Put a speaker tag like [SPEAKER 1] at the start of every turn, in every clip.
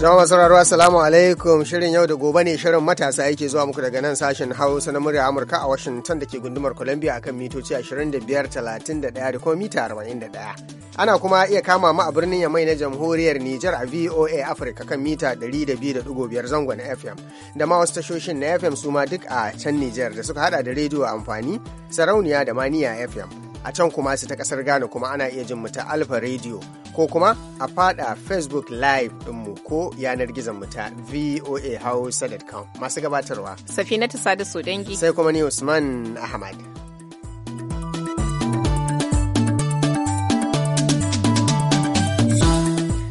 [SPEAKER 1] Jama'a sauraro Assalamu alaikum shirin yau da gobe ne shirin matasa yake zuwa muku daga nan sashen Hausa na murya Amurka a Washington da ke gundumar Columbia akan mitoci 25, 31 da kuma mita 41. ana kuma iya kama mu a birnin yamai na jamhuriyar Nijar a VOA Africa kan mita 200.5 zangon FM da ma wasu tashoshin na FM su ma duk a can Nijar da suka hada da rediyo amfani sarauniya da maniya FM. a can kuma su ta kasar Ghana kuma ana iya jin mu ta Alfa Radio ko kuma a fada Facebook Live mu ko yanar gizon mu ta voahausa.com masu gabatarwa.
[SPEAKER 2] Safinatu Sada Sodangi. Sai kuma ni Usman Ahmad.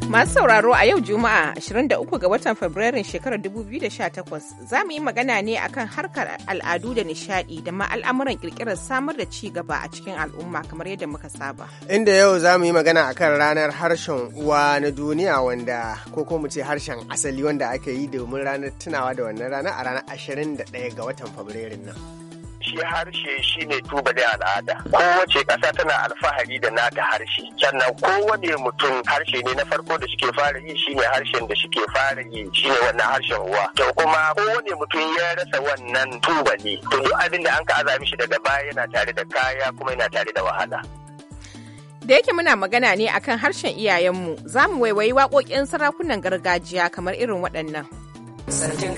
[SPEAKER 2] Masu sauraro a yau Juma'a 23 ga watan Fabrairun shekarar 2018 za mu yi magana ne akan harkar al'adu da nishadi da ma al'amuran kirkirar samar da ci gaba a cikin al'umma kamar yadda muka saba.
[SPEAKER 1] Inda yau za mu yi magana akan ranar harshen uwa na duniya wanda ko ko mu ce harshen asali wanda aka yi domin ranar tunawa da wannan rana a ranar 21 ga watan Fabrairun nan.
[SPEAKER 3] shi harshe tuba tubalin al'ada kowace ƙasa tana alfahari da nata harshe sannan kowane mutum harshe ne na farko da suke fara yi shi ne harshen da suke fara yi shi ne wannan harshen uwa to kuma kowane mutum ya rasa wannan tubali to duk abin da an ka azami shi daga baya yana tare da kaya kuma yana tare da wahala
[SPEAKER 2] da yake muna magana ne akan harshen iyayenmu za mu waiwayi waƙoƙin sarakunan gargajiya kamar irin waɗannan. Sarkin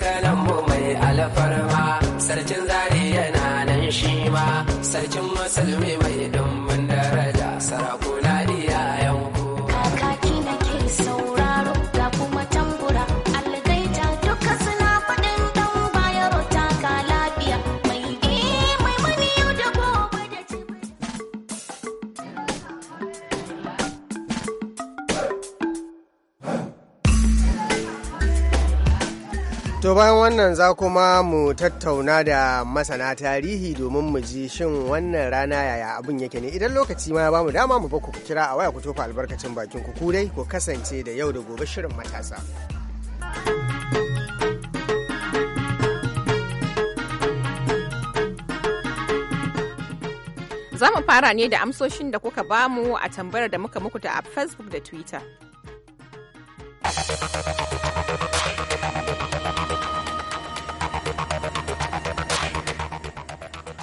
[SPEAKER 4] mu mai alfarma, sarkin zari yana nan shi ma, sarkin musulmi mai dumbin daraja, sarakuna
[SPEAKER 1] To bayan wannan za kuma mu tattauna da masana tarihi domin mu ji shin wannan rana yaya abin yake ne idan lokaci ma ya bamu dama mu ku kira a waya ku tofa albarkacin bakin ku dai ku kasance da yau da gobe shirin matasa.
[SPEAKER 2] Za mu fara ne da amsoshin da kuka bamu a tambayar da muka muku ta a Facebook da Twitter.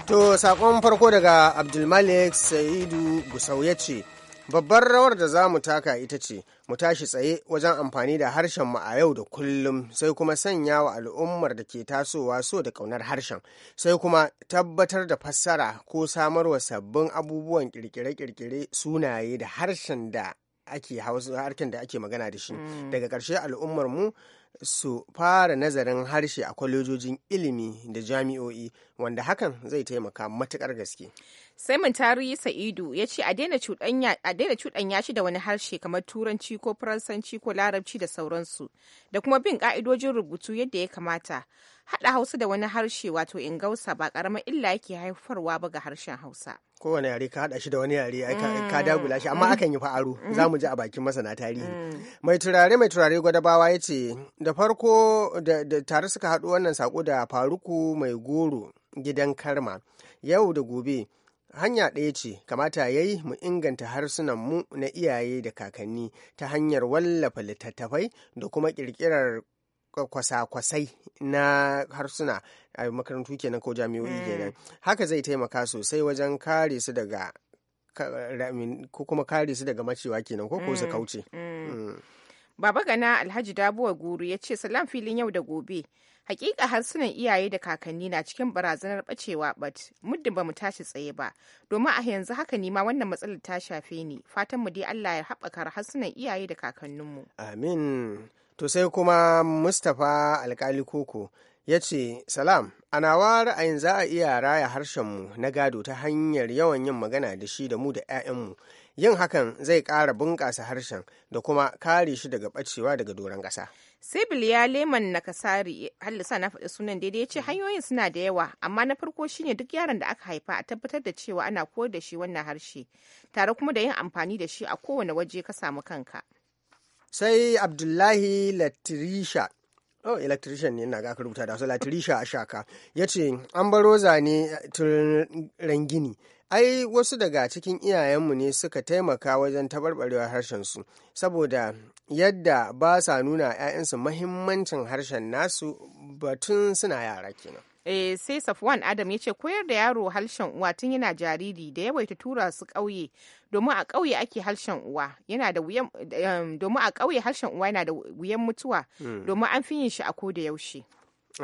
[SPEAKER 1] To sakon farko daga Abdulmalik Sa'idu Gusau ya ce, Babbar rawar da za mu taka ita ce, mu tashi tsaye wajen amfani da harshen mu a yau da kullum sai kuma sanya wa al'ummar da ke tasowa so da ƙaunar harshen sai kuma tabbatar da fassara ko samarwa sabbin abubuwan ƙirƙire kirkire sunaye da harshen da ake da ake magana da shi mm. daga ƙarshe al'ummar mu su fara nazarin harshe a kwalejojin ilimi da jami'o'i wanda hakan zai taimaka matukar gaske.
[SPEAKER 2] sai mun Tarihi Sa'idu ya ce a daina cuɗanya shi da wani harshe kamar Turanci ko Faransanci ko Larabci da sauransu da kuma bin ƙa'idojin rubutu yadda ya kamata. haɗa hausa da wani harshe wato ingausa ba ƙaramar illa yake haifarwa ba ga harshen hausa
[SPEAKER 1] kowane yare ka haɗa shi da wani yare mm. ka dagula shi amma akan yi fa'aro mm. za mu ji a bakin masana tarihi mm. mai turare mai turare gwadabawa yace da farko da tare suka haɗu wannan sako da faruku mai goro gidan karma yau da gobe hanya ɗaya ce kamata ya yi mu inganta harsunan mu na iyaye da kakanni ta hanyar wallafa littattafai da kuma ƙirƙirar kwasa-kwasai na harsuna a makarantu kenan ko jami'o'i mm. kenan haka zai taimaka sosai wajen kare su daga ko kuma kare su daga macewa kenan ko ko su mm. kauce mm.
[SPEAKER 2] Baba Gana Alhaji Dabuwa Guru ya ce salam filin yau da gobe. Hakika harsunan iyaye da kakanni na cikin barazanar bacewa bat muddin ba mu tashi tsaye ba domin a yanzu haka ma wannan matsalar ta shafe ni fatan mu dai Allah ya haɓaka harsunan iyaye da kakanninmu.
[SPEAKER 1] Amin. to sai kuma mustapha alkali koko ya ce salam a wa ra'ayin za a iya raya harshenmu na gado ta hanyar yawan yin magana da shi da mu da 'ya'yanmu yin hakan zai kara bunƙasa harshen da kuma kare shi daga ɓacewa daga doron ƙasa.
[SPEAKER 2] sebil ya leman na kasari hallisa na faɗi sunan daidai ya ce mm-hmm. hanyoyin suna da yawa amma na farko shine duk yaron da aka haifa a tabbatar da cewa ana koyar da shi wannan harshe tare kuma da yin amfani da shi a kowane waje ka samu kanka.
[SPEAKER 1] sai abdullahi latirisha oh electrician ne na aka rubuta da wasu latirisha a shaka ya ce an baro zane tun rangini ai wasu daga cikin iyayenmu ne suka taimaka wajen tabarbarewar harshensu saboda yadda ba sa nuna 'ya'yansu mahimmancin harshen nasu batun
[SPEAKER 2] suna yara kenan eh, sai safwan adam ya ce koyar da yaro harshen uwa tun yana jariri da yawaita tura su ƙauye domin a ƙauye ake harshen uwa yana da wuyan um, domin a ƙauye harshen uwa yana da wuyan mutuwa hmm. domin an fi yin shi a ko da yaushe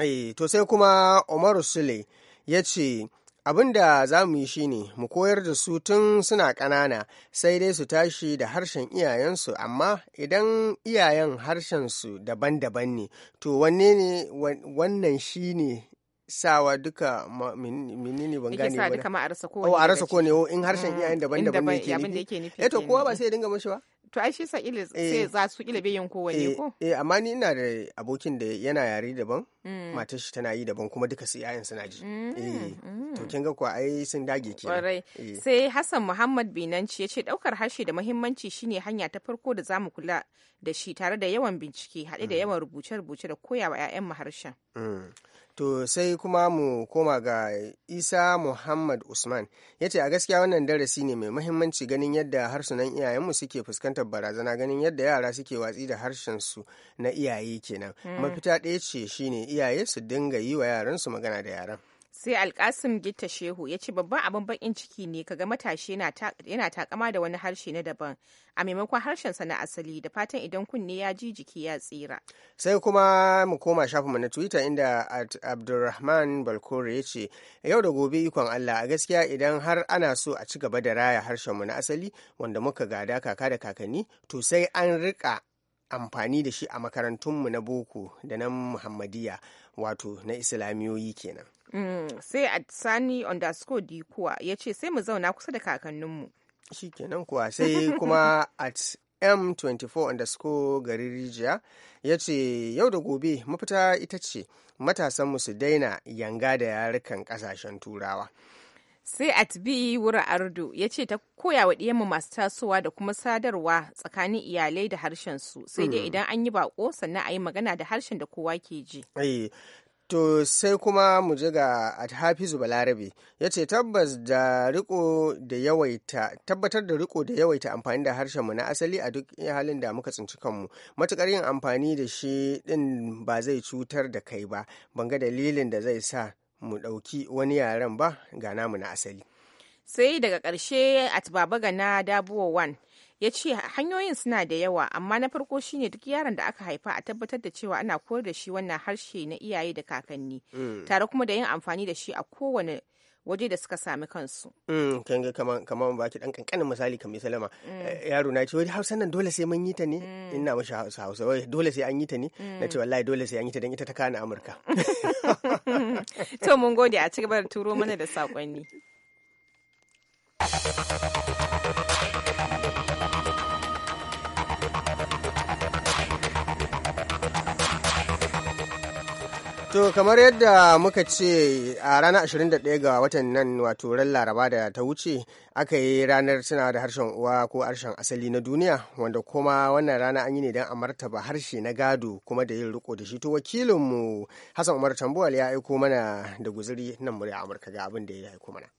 [SPEAKER 1] eh, to sai kuma Umar sule ya ce abin da za mu yi shine mu koyar da su tun suna ƙanana sai dai su tashi da harshen iyayensu amma idan iyayen harshensu daban-daban ne to wanne ne wannan shine sawa duka menene ban gane ba duka a rasa kowane a rasa kowane in harshen iyayen mm, daban-daban ne yake
[SPEAKER 2] nufi eh to kowa ba sai ya dinga mashi ba to ai shi sa ile sai eh. za su ile bai yin kowane eh, ko
[SPEAKER 1] eh amma ni ina da abokin da yana yare daban mm. matar shi tana yi daban kuma duka su iyayen suna ji mm, eh to kin ga ko ai sun dage ke kwarai eh.
[SPEAKER 2] sai Hassan Muhammad Binanci ya ce daukar harshe da muhimmanci shine hanya ta farko da zamu kula da shi tare da yawan bincike hade da yawan rubuce-rubuce da koyawa 'ya'yan mu harshen
[SPEAKER 1] To sai kuma mu koma ga Isa Muhammad Usman ya ce a gaskiya wannan darasi ne mai mahimmanci ganin yadda harsunan iyayenmu suke fuskantar barazana ganin yadda yara suke watsi da harshensu na iyaye kenan. Hmm. Mafita ɗaya ce shine iyaye su dinga yi wa yaransu magana da yaran.
[SPEAKER 2] sai alkasim gita shehu ya ce babban abin bakin ciki ne kaga matashi yana takama da wani harshe na daban a maimakon sa na asali da fatan idan kunne ya ji jiki ya tsira
[SPEAKER 1] sai kuma mu koma shafin mu na twitter inda abdulrahman balkore ya ce yau da gobe ikon allah a gaskiya idan har ana so a ci gaba da raya harshen mu na asali wanda muka gada kaka da kakanni to sai an rika amfani da shi a makarantunmu na boko da na muhammadiya wato na islamiyoyi kenan
[SPEAKER 2] Mm, sai a sani underscore kuwa ya ce sai mu zauna kusa da kakanninmu shi kenan kuwa sai kuma
[SPEAKER 1] at m24 underscore gari rijiya ya ce yau da gobe mafita ita ce matasan su daina yanga da yarukan kasashen turawa
[SPEAKER 2] sai at b wura ardu ya ce ta koya wa ɗiyanmu masu tasowa da kuma sadarwa tsakanin iyalai da harshen su sai dai hmm. idan an yi bako sannan a yi magana da harshen da kowa ke ji
[SPEAKER 1] eh, To sai kuma mu ji ga Hafizu Balarabe ya ce tabbatar da riko da yawaita amfani da harshenmu na asali a duk halin da muka tsinci kanmu matukar yin amfani da shi din ba zai cutar da kai ba ban ga dalilin da zai sa mu ɗauki wani yaren ba ga namu na asali.
[SPEAKER 2] Sai daga ƙarshe at baba Gana dabuwa ya ce hanyoyin suna da yawa amma na farko shine duk yaron da aka haifa a tabbatar da cewa ana koyar da shi wannan harshe na iyaye da kakanni mm. tare kuma da yin amfani da shi a kowane waje da suka sami kansu.
[SPEAKER 1] Mm, kan ga kaman kaman dan kankanin misali kamar Salama mm. eh, yaro na ce wai Hausa nan dole sai mun yi ta ne ina mashi Hausa Hausa wai dole sai an yi ta ne na ce wallahi dole sai an yi ta dan ita ta kana Amurka.
[SPEAKER 2] To mun gode a cigaba da turo mana da sakonni.
[SPEAKER 1] To kamar yadda muka ce a ranar 21 ga watan nan wato ran laraba da ta wuce aka yi ranar suna da harshen uwa ko harshen asali na duniya wanda kuma wannan rana an yi ne don a martaba harshe na gado kuma da yin riko da shi to wakilinmu Hassan Umar Tambuwal ya aiko mana da guzuri nan murya Amurka ga abin da ya aiko mana.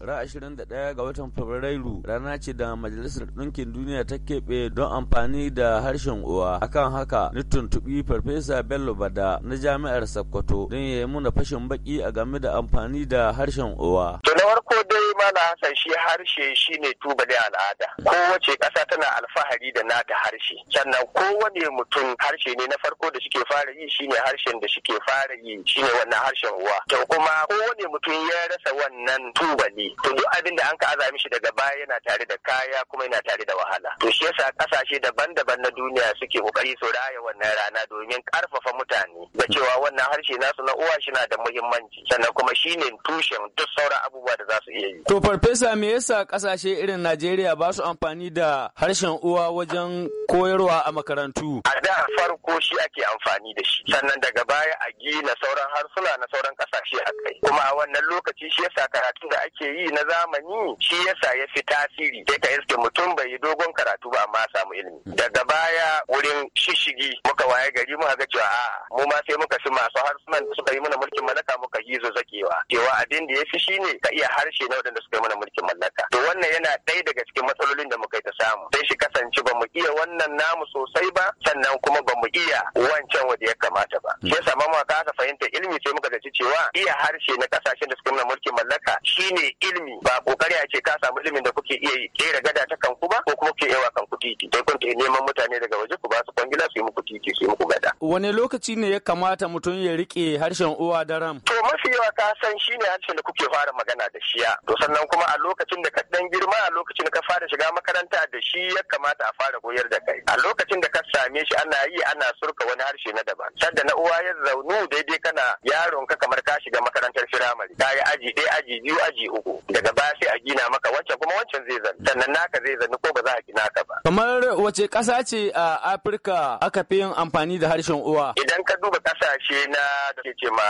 [SPEAKER 3] Ra 21 ga watan Fabrairu rana ce da Majalisar Ɗinkin Duniya ta keɓe don amfani da harshen uwa. Akan haka, ni tuntuɓi Farfesa Bello Bada na Jami'ar Sokoto don ya yi muna fashin baki a game da amfani da harshen uwa. To na farko dai mana Hassan shi harshe shine tubalin al'ada. Kowace ƙasa tana alfahari da nata harshe. Sannan kowane mutum harshe ne na farko da suke fara yi shine harshen da suke fara yi shine wannan harshen uwa. To kuma kowane mutum ya rasa wannan tubali to duk abin da an ka aza mishi daga baya yana tare da kaya kuma yana tare da wahala to shi yasa kasashe daban-daban na duniya suke kokari su raya wannan rana domin karfafa mutane da cewa wannan harshe nasu na uwa shi na da muhimmanci sannan kuma shi ne tushen duk sauran abubuwa da za su iya yi to farfesa me yasa kasashe irin Najeriya ba su amfani da harshen uwa wajen koyarwa a makarantu a da farko shi ake amfani da shi sannan daga baya a gina sauran harsuna na sauran kasashe a kuma a wannan lokaci shi yasa karatun da ake yi na zamani shi yasa ya fi tasiri sai ka iske mutum bai yi dogon karatu ba amma samu ilimi daga baya wurin shishigi muka waye gari muka ga cewa a mu ma sai muka fi masu harsunan da suka yi mana mulkin mallaka muka yi zo zakewa cewa abin da ya fi shi ne ka iya harshe na waɗanda suka yi mana mulkin mallaka to wannan yana ɗaya daga cikin matsalolin da muka yi ta samu sai shi kasance iya wannan namu sosai ba sannan kuma ba mu iya wancan wanda ya kamata ba hmm. shi yasa aka kasa fahimta ilimi sai muka zaci cewa iya harshe na kasashen da suka nuna mulkin mallaka shine ilimi ba kokari a ce ka samu ilimin da kuke iya yi kera gada ta kanku ba ko kuma kuke yawa kanku titi dai kun neman mutane daga waje ku ba su kwangila su yi muku titi su yi muku gada wani lokaci ne ya kamata mutum ya rike harshen uwa da to mafi yawa ka san shine harshen da kuke fara magana da shiya to sannan kuma a lokacin da ka dan girma a lokacin da ka fara shiga makaranta da shi ya kamata a fara koyar da kai a lokacin da ka same shi ana yi ana surka wani harshe na daban da na uwa ya zaunu daidai kana yaron ka kamar ka shiga makarantar firamare ka yi aji ɗaya aji biyu aji uku daga baya sai a gina maka wancan kuma wancan zai zani sannan naka zai zani ko ba za a gina ka ba kamar wace ƙasa ce a afirka aka fi yin amfani da harshen uwa idan ka duba ƙasashe na da ke ce ma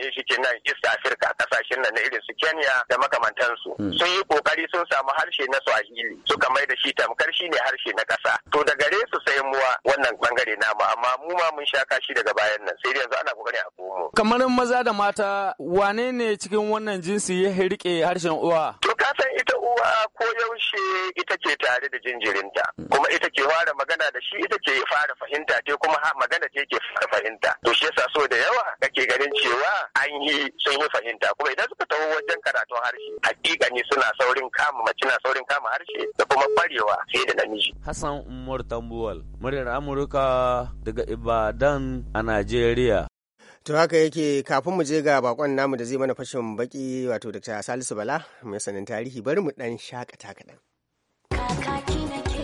[SPEAKER 3] ne shi ke nan east africa ƙasashen nan na irin su kenya da makamantansu hmm. sun yi ƙoƙari sun samu harshe na swahili suka mai da shi tamkar shi ne harshe na ƙasa to da gare su damuwa wannan bangare namu amma mu ma mun sha kashi daga bayan nan sai yanzu ana kokari a komo kamar maza da mata wane ne cikin wannan jinsi ya rike harshen uwa to ka san ita uwa ko yaushe ita ce tare da jinjirinta kuma ita ke fara magana da shi ita ke fara fahimta ce kuma magana ce ke fara fahimta to shi yasa so da yawa kake ganin cewa an yi sun yi fahimta kuma idan suka taho wajen karatun harshe hakika ne suna saurin kama mace na saurin kama harshe da kuma kwarewa sai da namiji Hassan Umar Tambuwal muryar Amurka daga Ibadan a Najeriya.
[SPEAKER 1] To haka yake kafin mu je ga bakon namu da zai mana fashin baki wato Dr. Salisu Bala mai sanin tarihi bari mu dan shakata kaɗan. ki nake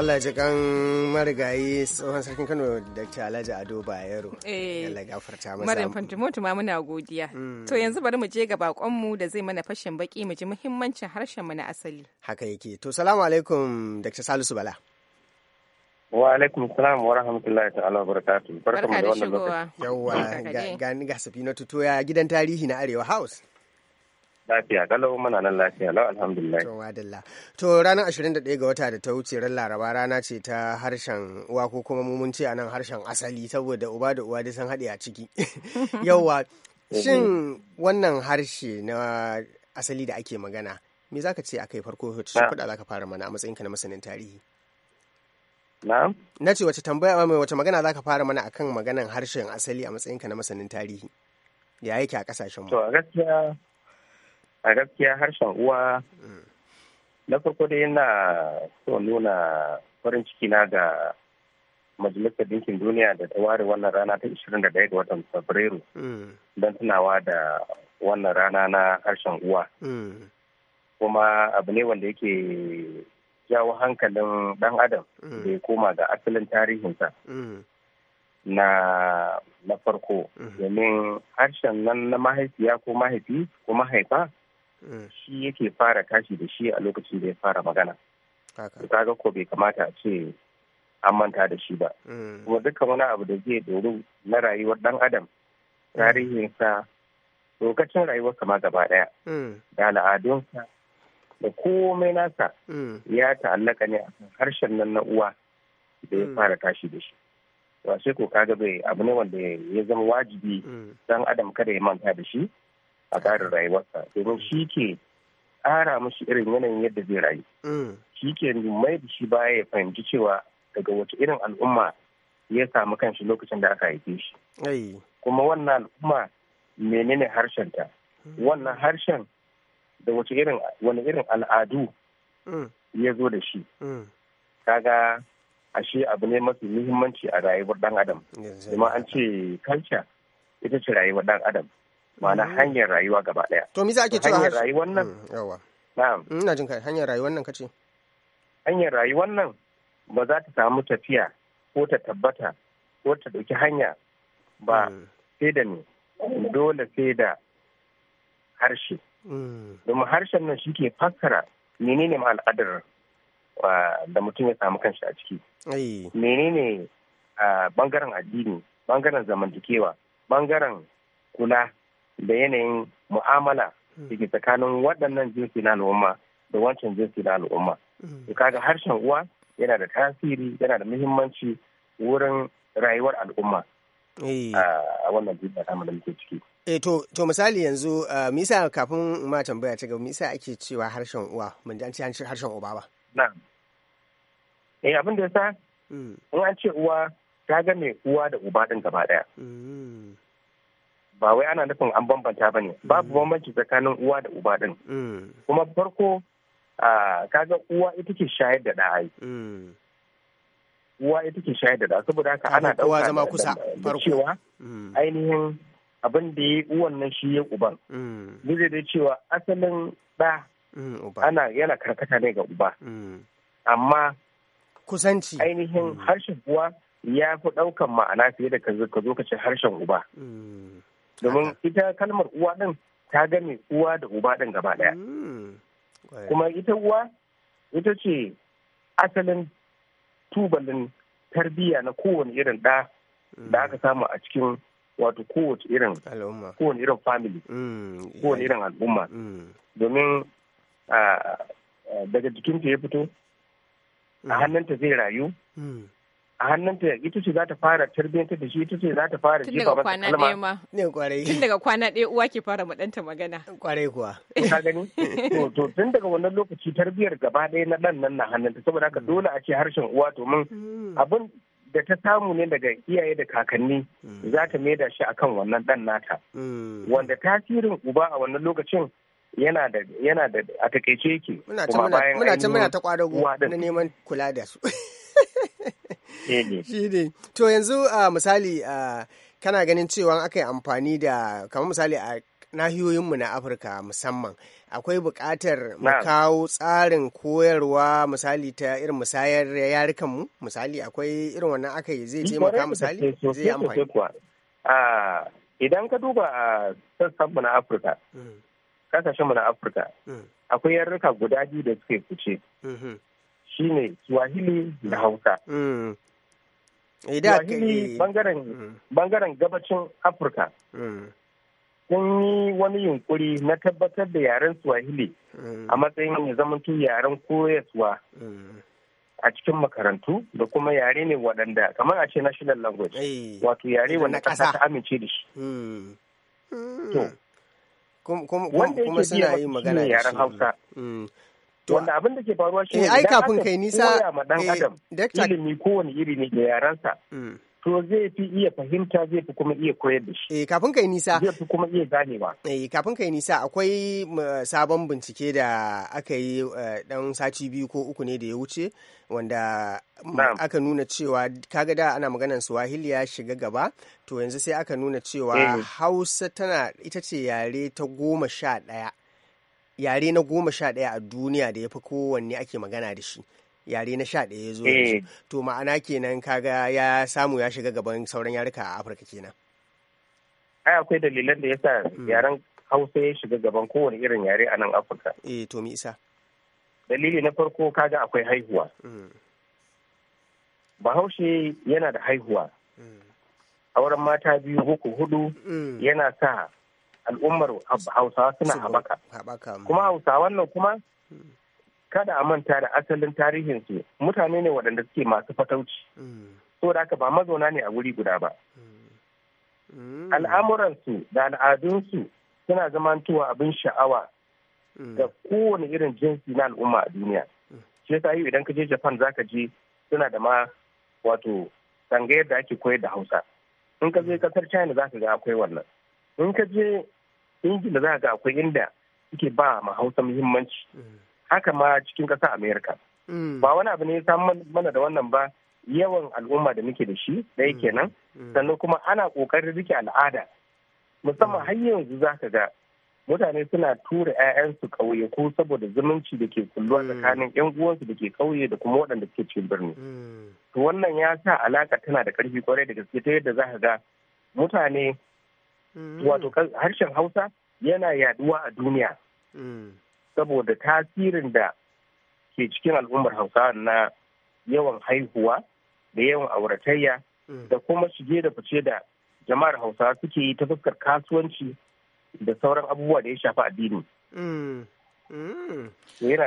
[SPEAKER 1] Allah ji kan marigayi tsohon sarkin Kano da ta Alhaji Ado Bayero. Eh, Allah gafarta masa. Maryam
[SPEAKER 2] Fantimotu ma muna godiya. Hmm. To yanzu bari mu je ga bakonmu da zai mana fashin baki mu ji muhimmancin harshen mu na asali.
[SPEAKER 1] Haka yake. To salamu alaikum Dr. Salisu Bala. wa alaikum
[SPEAKER 5] salam wa rahmatullahi ta'ala wa barakatuh barkamu da wannan lokaci
[SPEAKER 1] yawa ga ga, ga, ga, ga ya gidan tarihi na Arewa House
[SPEAKER 5] Lafiya kalau muna nan lafiya lau alhamdulillah. To
[SPEAKER 1] wadalla. To ranar 21 ga wata da ta wuce ran Laraba rana ce ta harshen uwa ko kuma mun ce a nan harshen asali saboda uba da uwa dai sun haɗe a ciki. Yawwa mhm. shin wannan harshe na asali da ake magana me za ka ce a kai farko shi kuɗa za ka fara mana a matsayin ka na masanin tarihi. Na'am. Na ce wace tambaya mai wace magana za ka fara mana akan maganan harshen asali a matsayin ka na masanin tarihi. Ya yake a kasashen mu? To a gaskiya
[SPEAKER 5] a gaskiya harshen uwa na farko dai yana so nuna farin ciki na ga majalisar dinkin duniya da ta ware wannan rana ta 21 ga watan fabrairu don tunawa da wannan rana na harshen uwa kuma abu ne wanda yake jawo hankalin dan adam da ya koma ga asalin tarihinsa na na farko domin harshen nan na mahaifiya ko mahaifi ko mahaifa Mm. shi yake fara kashi da shi a lokacin da ya fara magana kaga ko bai kamata a ce an manta da shi ba mm. kuma dukkan wani abu da zai doru na rayuwar ɗan adam mm. tarihinsa lokacin rayuwar kama gaba daya da al'adunsa da komai nasa ya ta'allaka ne a harshen nan na uwa da ya fara kashi da shi wasu sai ko kaga bai abu ne wanda ya zama wajibi dan adam kada ya manta da shi a tsarin rayuwarsa domin shi ke ƙara mashi irin yanayin yadda zai rayu mm. shi ke mai da shi baya ya fahimci cewa daga wace irin al'umma ya samu kanshi lokacin da aka haife shi kuma wannan al'umma menene harshenta mm. wannan harshen da wace irin wani irin al'adu mm. ya zo da shi kaga ashe abu ne mafi muhimmanci a rayuwar dan adam kuma an ce kalca ita ce rayuwar dan adam ma'ana mm. hanyar rayuwa gaba ɗaya. To me ake cewa hanyar rayuwar nan? Mm,
[SPEAKER 1] Yawa. Na'am. Ina jin kai hanyar rayuwar nan kace. Hanyar rayuwar nan
[SPEAKER 5] ba za ta samu tafiya ko ta tabbata ko ta ɗauki hanya ba mm. sai da ni dole sai da harshe. Domin harshen nan shi ke fassara menene ma al'adar da mutum ya samu kanshi a ciki. Menene bangaren addini, bangaren zamantakewa, bangaren kula da yanayin mu'amala da ke tsakanin waɗannan jinsi na al'umma da wancan jinsi na al'umma mm. to kaga harshen uwa yana da tasiri yana da muhimmanci wurin rayuwar al'umma eh. a wannan duniya ta da ciki
[SPEAKER 1] e to to misali yanzu misa kafin ma tambaya ta gaba misa ake cewa harshen uwa mun ji an ce harshen uba ba na'am eh abin da yasa mm. in an ce
[SPEAKER 5] uwa ta ga uwa da uba din gaba daya mm. ba wai ana nufin an bambanta ba ne babu mm. bambanci tsakanin uwa da uba din mm. kuma farko kaga uwa ita ke shayar da ɗa mm. uwa ita ke shayar da ɗa saboda haka ana ɗauka zama kusa cewa ainihin abin da ya uwan nan shi ya uban zai da cewa asalin ɗa ana yana karkata ne ga uba amma kusanci ainihin harshen uwa ya fi ɗaukan ma'ana fiye da ka zo ka ce harshen uba domin ita kalmar uwa ɗin ta gane uwa da uba ɗin gaba ɗaya hmm. kuma ita uwa ita ce asalin tubalin tarbiyya na kowane irin ɗa da hmm. aka samu a cikin wato kowace irin kowane irin family hmm. kowane irin al'umma domin ah, ah, daga jikinta ya fito a hannunta zai rayu a hannunta ita ce za ta fara tarbiyyantar da shi ita ce za ta fara jefa masa kalma. Tun daga kwana ɗaya ma. Ne kwarai. Tun
[SPEAKER 2] daga kwana ɗaya uwa ke fara maɗanta magana.
[SPEAKER 5] Kwarai kuwa. Ka gani? To tun daga wannan lokaci tarbiyyar gaba ɗaya na ɗan nan na hannunta saboda haka dole a ce harshen uwa domin hmm. abin da ta samu ne daga iyaye da kakanni hmm. za ta maida shi akan wannan ɗan nata. Hmm. Wanda tasirin uba a wannan lokacin yana da yana da a takaice yake. Muna can muna ta kwadago na
[SPEAKER 1] neman kula da su. shi ne to yanzu misali kana ganin cewa aka yi amfani da kamar misali a nahiyoyinmu na afirka musamman akwai buƙatar mu kawo tsarin koyarwa misali ta irin musayar yarukan mu misali akwai irin wannan aka yi zai taimaka misali zai amfani idan ka duba a
[SPEAKER 5] sassan mu na afirka kasashen mm. mu na afirka mm. akwai yarurruka guda biyu da suke fice mm-hmm. shi ne swahili da hausa mm. eh, swahili mm. bangaren gabacin afirka mm. sun yi wani yunkuri na tabbatar da yaren swahili a matsayin ya zamanto yaren koyaswa a cikin makarantu da kuma yare ne waɗanda kamar a ce national language eh, wato yare wanda ƙasa ta amince da shi
[SPEAKER 1] wanda yake biya yaren hausa
[SPEAKER 5] wanda abin da ke
[SPEAKER 1] faruwa shi ne eh, ai kafin kai nisa dan eh, adam
[SPEAKER 5] ilimi kowane iri ne da yaransa mm.
[SPEAKER 1] to zai fi iya fahimta zai fi kuma iya koyar da shi eh kafin kai nisa zai fi kuma iya ganewa eh kafin kai nisa akwai sabon bincike da aka yi dan eh, sati biyu ko uku ne da ya wuce wanda mm, aka nuna cewa kaga da ana maganan swahili ya shiga gaba to yanzu sai aka nuna cewa hausa tana ita ce yare ta goma sha ɗaya yare na goma sha ɗaya a duniya da ya fi kowanne ake magana da shi yare na sha ɗaya ya zo yanzu eh. to ma'ana kenan kaga ya samu ya shiga gaban sauran yaruka a afirka kenan ai akwai dalilan da yasa hmm. yaren hausa ya shiga gaban kowane irin yare a nan afirka eh to mi isa
[SPEAKER 5] dalili na farko kaga akwai haihuwa hmm. bahaushe yana da haihuwa hmm. auren mata biyu uku hudu yana sa al'ummar hausawa suna
[SPEAKER 1] haɓaka
[SPEAKER 5] kuma hausa nan kuma kada a manta da asalin tarihinsu mutane ne waɗanda suke masu fatauci mm. da haka ba mazauna ne a wuri guda ba mm. al'amuransu da al'adunsu suna zamantowa abin sha'awa da mm. kowane irin jinsi na al'umma a duniya shi yasa yi idan ka je japan zaka je suna da ma wato tsangayar da ake koyar da hausa in ka je kasar china zaka ga akwai wannan in ka je ingila za ga akwai inda suke ba ma hausa muhimmanci haka ma cikin ƙasa amerika mm. ba wani abu ne ya samu mana da wannan ba yawan al'umma da muke da shi da yake mm. nan mm. sannan kuma ana ƙoƙarin rike al'ada musamman har yanzu za ka ga mutane suna tura 'ya'yansu ƙauye ko saboda zumunci da ke kulluwa tsakanin 'yan uwansu da ke ƙauye da kuma waɗanda suke cikin birni to wannan ya sa alaƙa tana da ƙarfi kwarai da gaske ta yadda za ka ga mutane Mm. wato harshen hausa yana yaduwa a duniya mm. saboda tasirin da ke cikin al'ummar hausa na yawan haihuwa da yawan auratayya mm. da kuma shige da fice da jama'ar hausa suke yi ta fuskar kasuwanci da sauran abubuwa da ya shafi addini.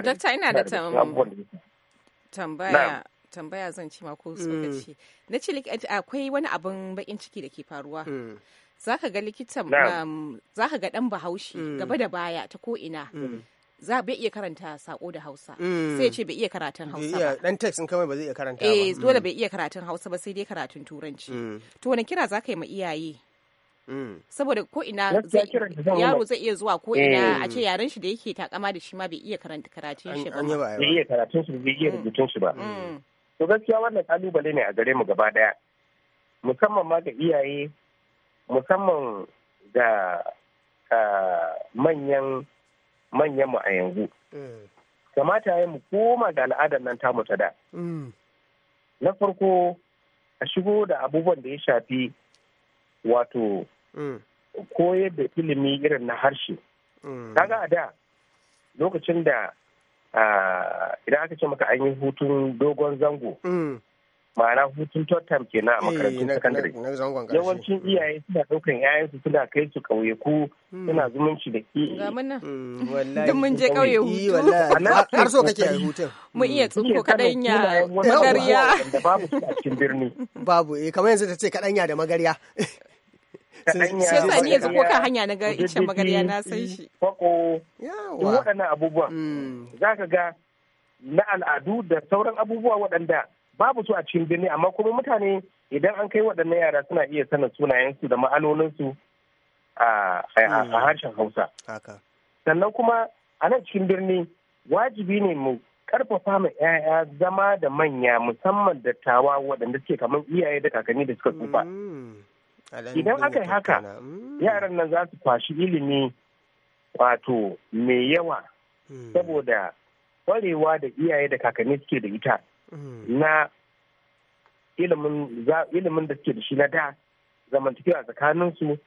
[SPEAKER 5] Dokta ina da
[SPEAKER 2] tambaya tambaya zan ce ma ko tsokaci. Na ce akwai wani abin bakin ciki da ke faruwa. za ka ga likitan um, za ka ga dan bahaushe mm. gaba da baya ta ko ina mm. za bai iya karanta sako da Hausa mm. sai ce bai iya karatun Hausa ba
[SPEAKER 1] dan text in kawai ba zai iya karanta ba eh dole bai iya
[SPEAKER 2] karatun Hausa ba sai dai karatun Turanci to wani kira za ka yi ma iyaye saboda ko ina yaro zai iya zuwa ko ina eh. a ce yaren shi da yake takama da shi ma bai iya karanta karatun shi ba bai iya
[SPEAKER 5] karatun shi bai iya rubutun shi ba to gaskiya wannan kalubale ne a gare mu gaba daya musamman ma ga iyaye musamman ga manyan manyan mu a yanzu eh. kamata ya mu koma ga al'adar nan tamu ta da mm. na farko a shigo da abubuwan da ya shafi wato mm. koyar da ilimi irin na harshe mm. kaga a da lokacin da ah, idan aka ce maka an yi hutun dogon zango ma'ana hutun totam ke a eh, makarantun sakandare yawancin iyaye suna ɗaukan yayansu suna kai su ko hmm. suna zumunci da ke ga
[SPEAKER 2] muna hmm, duk mun je ƙauye hutu har so kake yi hutun mun iya hmm. tsinko ya magarya
[SPEAKER 5] da babu su a cikin birni
[SPEAKER 1] babu eh kamar yanzu ta ce ya da magarya sai sa ni yanzu kuka hanya na
[SPEAKER 5] ga ice magariya na san shi kwako duk waɗannan abubuwan za ka ga na al'adu da sauran abubuwa waɗanda babu su a cikin birni amma kuma mutane idan an kai waɗannan yara suna iya sanin sunayensu da su a hmm. harshen hausa sannan kuma a nan cikin birni wajibi ne mu karfafa mu 'ya'ya zama da manya musamman da tawa waɗanda suke kamar iyaye da kakanni da suka tsufa hmm. idan aka yi haka hmm. yaran nan za su kwashi ilimi wato mai yawa saboda ƙwarewa da iyaye da kakanni suke da ita Mm. na ilimin da suke da shi na da zamantakewa tsakanin su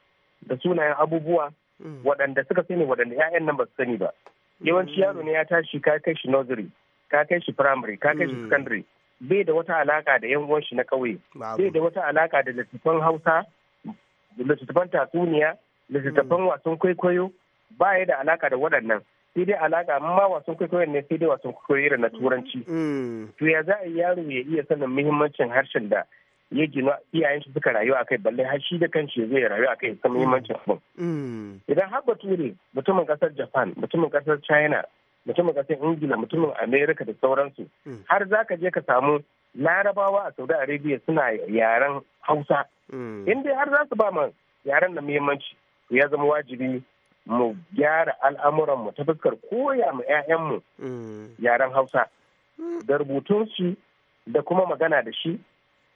[SPEAKER 5] da sunayen abubuwa mm. waɗanda suka sani waɗanda 'ya'yan nan ba su sani ba yawanci yaro ne ya tashi ka kai shi nursery ka kai shi primary ka kai shi mm. secondary bai da wata alaka da yan uwan shi na ƙauye bai da wata alaka da littattafan hausa littattafan tatsuniya littattafan wasan kwaikwayo ba ya da alaka da waɗannan sai dai alaka amma wasan kwaikwayon ne sai dai wasan kwaikwayo irin na turanci mm. to ya za a yi yaro ya iya sanin muhimmancin harshen da ya gina iyayen shi suka rayu a kai balle har shi da kanshi zai rayu a kai san muhimmancin abin
[SPEAKER 6] mm.
[SPEAKER 5] idan har bature mutumin kasar japan mutumin kasar china mutumin kasar ingila mutumin america da sauransu mm. har za ka je ka samu larabawa a saudi arabia suna yaren hausa in dai har za su ba ma yaren da muhimmanci ya zama wajibi mu gyara al'amuranmu ta fuskar koya mu 'ya'yanmu mm. yaren hausa mm. da rubutun shi da kuma magana da shi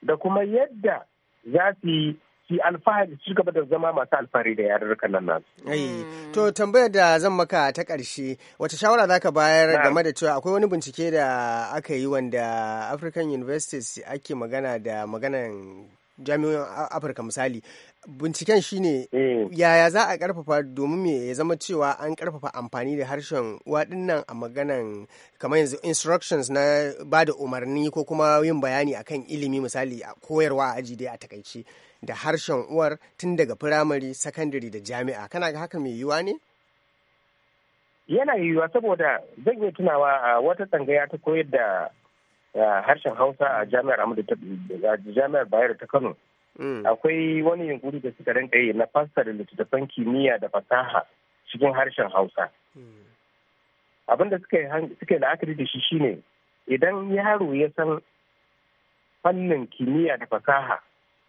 [SPEAKER 5] da kuma yadda za su yi alfahari su gaba da zama masu alfahari da yarurrukan nan nasu.
[SPEAKER 1] Mm. to tambayar da zan maka ta ƙarshe wace shawara zaka bayar game da cewa akwai wani bincike da aka yi wanda African Universities ake magana da maganan jami'o'in Afirka misali binciken shine eh. yaya za a karfafa domin me ya zama cewa an karfafa amfani da harshen uwa dinnan a maganan kamar yanzu instructions na ba da umarni ko kuma yin bayani akan ilimi misali a koyarwa a aji dai a takaice da harshen uwar tun daga firamare sakandare da jami'a kana ga haka mai yiwuwa ne yana yiwuwa saboda zan iya tunawa a wata
[SPEAKER 5] tsangaya ta koyar da harshen hausa a jami'ar bayar bayero ta kano Mm. akwai wani yunkuri da suka rinka yi na fassara littattafan kimiyya da fasaha cikin harshen hausa mm. abin da suka yi la'akari da shi shine idan yaro ya san fannin kimiyya da fasaha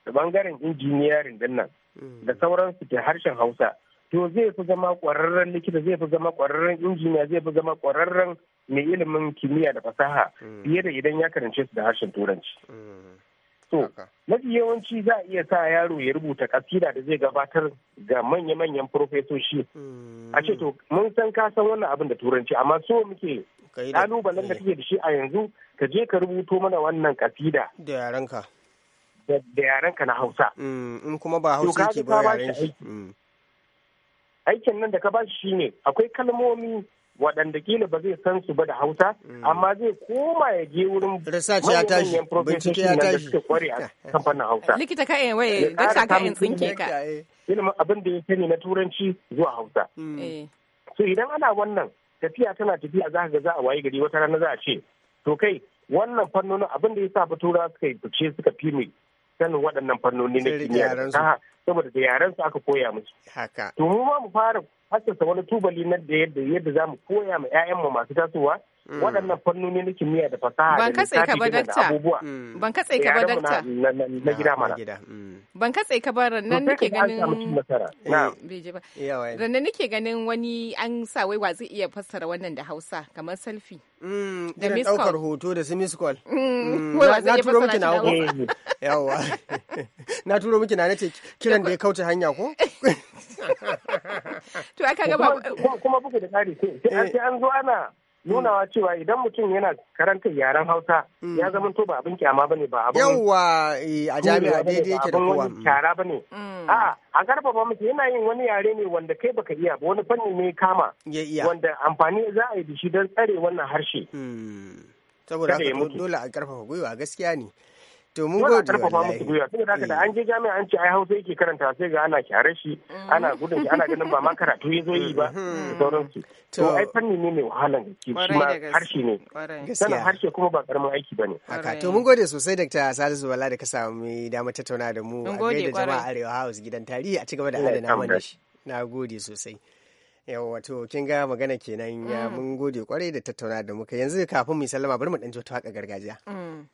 [SPEAKER 5] da bangaren injiniyarin din mm. da sauransu ke harshen hausa to zai fi zama kwararren likita zai fi zama kwararren injiniya zai fi zama kwararren mai ilimin kimiyya da fasaha fiye da idan ya karance su da harshen turanci so mafi yawanci za a iya sa yaro ya rubuta kasida da zai gabatar ga manya-manyan profesoshi. Hmm. A ce to, mun san ka san wannan abin da turanci, amma so muke
[SPEAKER 1] ƙalubalen
[SPEAKER 5] da kake da shi a yanzu, ka je ka rubuto mana wannan kasida.
[SPEAKER 1] Da yarenka.
[SPEAKER 5] Da yarenka na Hausa. Hmm, in kuma ba Hausa ke ba yaren shi. Hmm. Aikin nan da ka ba shi ne, akwai kalmomi waɗanda kila ba zai san su ba da hausa mm. amma zai koma ya je wurin manyan profesoshi na da suke kware a kamfanin hausa
[SPEAKER 2] likita ka yin waye ta ka yin tsinke ka
[SPEAKER 5] ilimin abin da ya sani na turanci zuwa hausa mm. eh. so idan ana wannan tafiya tana tafiya za ga za a waye gari wata rana za a ce to kai wannan fannonin abin da ya sa turawa suka yi fice suka fi sanin waɗannan fannoni na kimiyya saboda da yaren su aka koya musu haka to mu ma mu fara haskaka wani tubali na da yadda yadda za mu koya ma 'ya'yanmu masu tasowa Mm. waɗannan fannoni na kimiyya da fasaha ban katse ka ba dakta mm.
[SPEAKER 2] ban katse eh, ka ba dakta
[SPEAKER 5] na
[SPEAKER 1] gida mana mm.
[SPEAKER 2] ban katse ka ba rannan nake ganin eh, rannan nake ganin wani an sa wai wa zai iya fassara wannan da Hausa kamar selfie
[SPEAKER 1] da miss call ɗaukar hoto da su miss call na turo miki na eh. yawa na turo miki na nace kiran da ya kauce hanya ko to aka kuma bugu da kare sai an zo ana nunawa mm. cewa idan
[SPEAKER 5] mutum yana karanta yaren hausa mm. ya zama to ba abin kyama bane ba abin yawa eh, a jami'a daidai yake da kowa mm. kyara bane a a karfafa mutum yana yin wani yare ne wanda kai baka iya ba wani fanni ne kama wanda
[SPEAKER 1] amfani za a yi da shi don tsare wannan harshe saboda haka dole a karfafa gwiwa gaskiya ne To mun gode wallahi. musu gwiwa
[SPEAKER 5] saboda haka da an je jami'a an ce ai Hausa yake karanta sai ga ana kyare shi mm-hmm. ana gudun shi ana ganin ba ma
[SPEAKER 1] karatu ya zo yi ba mm-hmm. da sauransu. To ai fanni ne mai wahalan gaske kuma harshe ne. Sannan harshe kuma ba karamin aiki ba ne. Haka to mun gode sosai Dr. Salisu Bala da ka samu dama tattauna da mu a gaida jama'a Arewa House gidan tarihi a cigaba da adana mana shi. Na gode sosai. yawa to kin ga magana kenan ya mm. mun gode kwarai da tattauna da muka yanzu kafin mu sallama bari mu dan jota haka gargajiya
[SPEAKER 4] mm.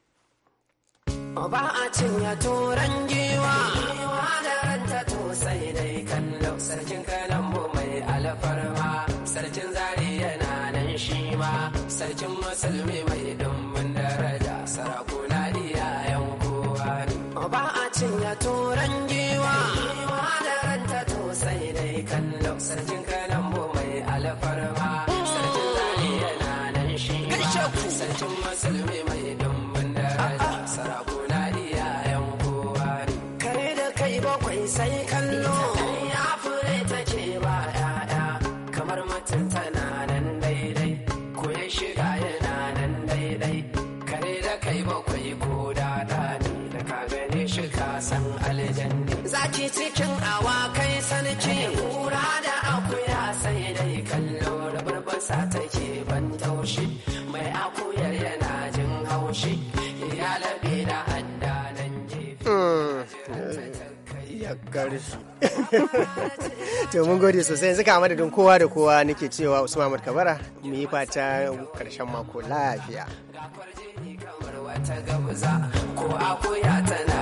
[SPEAKER 4] ba a cinya turan giwa giwa da ranta to sai dai kallo sarkin kalan mai alfarma sarkin zari yana nan shi ma sarkin musulmi mai dumbin daraja sarakuna iyayen kowa ne ba a cinya turan giwa da ranta to sai dai kallo sarkin
[SPEAKER 1] aure to mun gode sosai yanzu da don kowa da kowa nake cewa usman ahmad kabara mu yi fata karshen mako lafiya
[SPEAKER 4] ko a koya tana